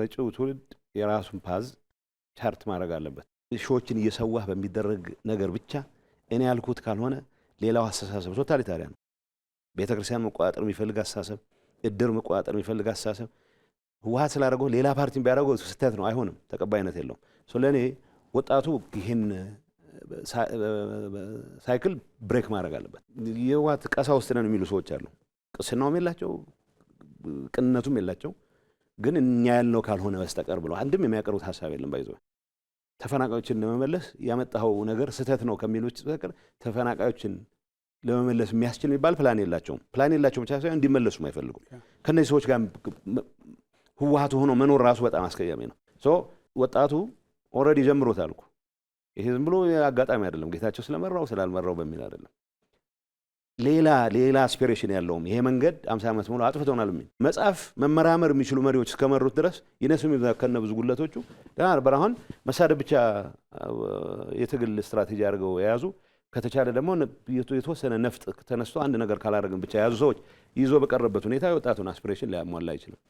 መጪው ትውልድ የራሱን ፓዝ ቻርት ማድረግ አለበት። ሺዎችን እየሰዋህ በሚደረግ ነገር ብቻ እኔ ያልኩት ካልሆነ ሌላው አስተሳሰብ ቶታሊታሪያ ነው። ቤተ ክርስቲያን መቆጣጠር የሚፈልግ አስተሳሰብ፣ እድር መቆጣጠር የሚፈልግ አስተሳሰብ ህወሀት ስላደረገው ሌላ ፓርቲን ቢያደረገው ስህተት ነው፣ አይሆንም፣ ተቀባይነት የለውም። ለእኔ ወጣቱ ይህን ሳይክል ብሬክ ማድረግ አለበት። የህወሀት ቀሳ ውስጥ ነን የሚሉ ሰዎች አሉ። ቅስናውም የላቸው ቅንነቱም የላቸው ግን እኛ ያልነው ካልሆነ በስተቀር ብሎ አንድም የሚያቀርቡት ሀሳብ የለም። ባይዞ ተፈናቃዮችን ለመመለስ ያመጣኸው ነገር ስህተት ነው ከሚሉት በስተቀር ተፈናቃዮችን ለመመለስ የሚያስችል የሚባል ፕላን የላቸውም። ፕላን የላቸው ብቻ ሳይሆን እንዲመለሱም አይፈልጉም። ከእነዚህ ሰዎች ጋር ህወሀቱ ሆኖ መኖር ራሱ በጣም አስቀያሚ ነው። ወጣቱ ኦልሬዲ ጀምሮታል እኮ ይሄ ዝም ብሎ አጋጣሚ አይደለም። ጌታቸው ስለመራው ስላልመራው በሚል አይደለም። ሌላ ሌላ አስፒሬሽን ያለውም ይሄ መንገድ አምሳ ዓመት ሙሉ አጥፍቶናል የሚል መጽሐፍ መመራመር የሚችሉ መሪዎች እስከመሩት ድረስ ይነሱ ከነ ብዙ ጉለቶቹ ደህና ነበር። አሁን መሳደብ ብቻ የትግል ስትራቴጂ አድርገው የያዙ ከተቻለ ደግሞ የተወሰነ ነፍጥ ተነስቶ አንድ ነገር ካላደረግን ብቻ የያዙ ሰዎች ይዞ በቀረበት ሁኔታ የወጣቱን አስፒሬሽን ሊያሟላ አይችልም።